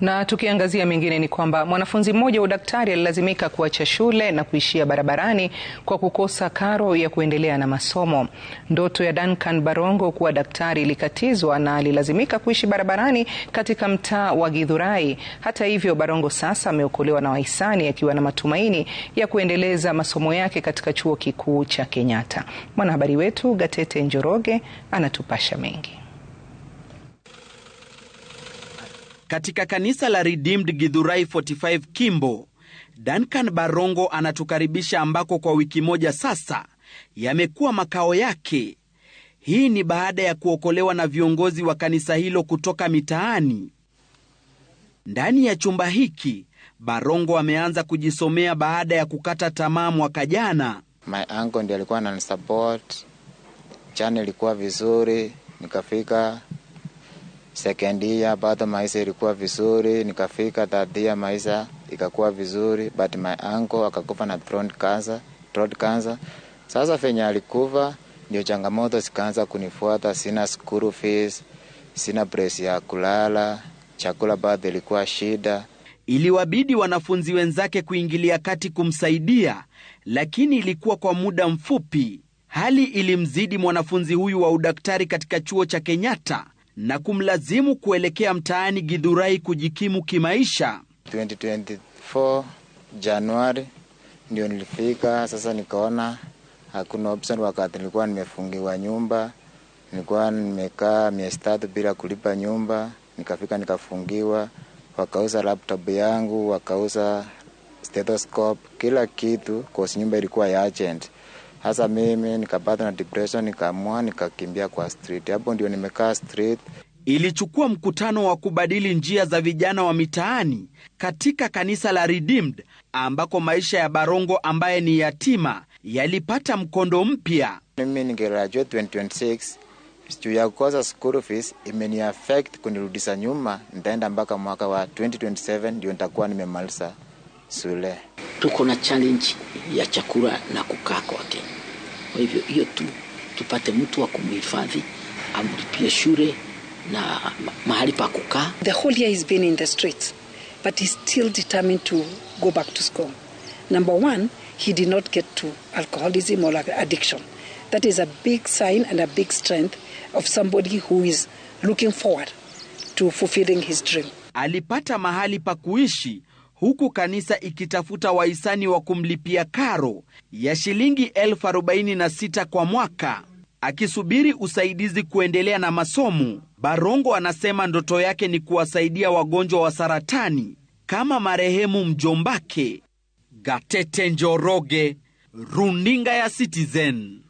Na tukiangazia mengine ni kwamba mwanafunzi mmoja wa udaktari alilazimika kuacha shule na kuishia barabarani kwa kukosa karo ya kuendelea na masomo. Ndoto ya Duncan Barongo kuwa daktari ilikatizwa na alilazimika kuishi barabarani katika mtaa wa Githurai. Hata hivyo, Barongo sasa ameokolewa na wahisani akiwa na matumaini ya kuendeleza masomo yake katika chuo kikuu cha Kenyatta. Mwanahabari wetu Gatete Njoroge anatupasha mengi. katika kanisa la Redeemed Githurai 45 Kimbo, Duncan Barongo anatukaribisha ambako kwa wiki moja sasa yamekuwa makao yake. Hii ni baada ya kuokolewa na viongozi wa kanisa hilo kutoka mitaani. Ndani ya chumba hiki Barongo ameanza kujisomea baada ya kukata tamaa mwaka jana. My uncle ndiye alikuwa ananisupport, chani ilikuwa vizuri, nikafika Second year bado maisha ilikuwa vizuri, nikafika third year maisha ikakuwa vizuri, but my uncle akakufa na throat cancer, throat cancer. Sasa fenya alikufa ndio changamoto zikaanza kunifuata, sina school fees, sina place ya kulala, chakula bado ilikuwa shida. Iliwabidi wanafunzi wenzake kuingilia kati kumsaidia, lakini ilikuwa kwa muda mfupi. Hali ilimzidi mwanafunzi huyu wa udaktari katika chuo cha Kenyatta na kumlazimu kuelekea mtaani gidhurai kujikimu kimaisha. 2024 Januari ndio nilifika. Sasa nikaona hakuna option, wakati nilikuwa nimefungiwa nyumba, nilikuwa nimekaa miezi tatu bila kulipa nyumba, nikafika nikafungiwa, wakauza laptop yangu, wakauza stethoscope, kila kitu, kwa nyumba ilikuwa ya agent. Hasa mimi nikapata na depression, nikaamua nikakimbia kwa street. Hapo ndio nimekaa street. Ilichukua mkutano wa kubadili njia za vijana wa mitaani katika kanisa la Redeemed ambako maisha ya Barongo ambaye ni yatima yalipata mkondo mpya. Mimi ningegraduate 2026 juu ya kukosa school fees affect kunirudisha nyuma. Nitaenda mpaka mwaka wa 2027 ndio nitakuwa nimemaliza shule tuko na challenge ya chakula na kukaa kwake. Kwa hivyo hiyo tu tupate mtu wa kumhifadhi, amlipie shule na mahali pa kukaa. The whole year he's been in the streets but he's still determined to go back to school. Number one, he did not get to alcoholism or addiction. That is a big sign and a big strength of somebody who is looking forward to fulfilling his dream. Alipata mahali pa kuishi huku kanisa ikitafuta wahisani wa kumlipia karo ya shilingi elfu arobaini na sita kwa mwaka akisubiri usaidizi kuendelea na masomo. Barongo anasema ndoto yake ni kuwasaidia wagonjwa wa saratani kama marehemu mjombake. Gatete Njoroge, runinga ya Citizen.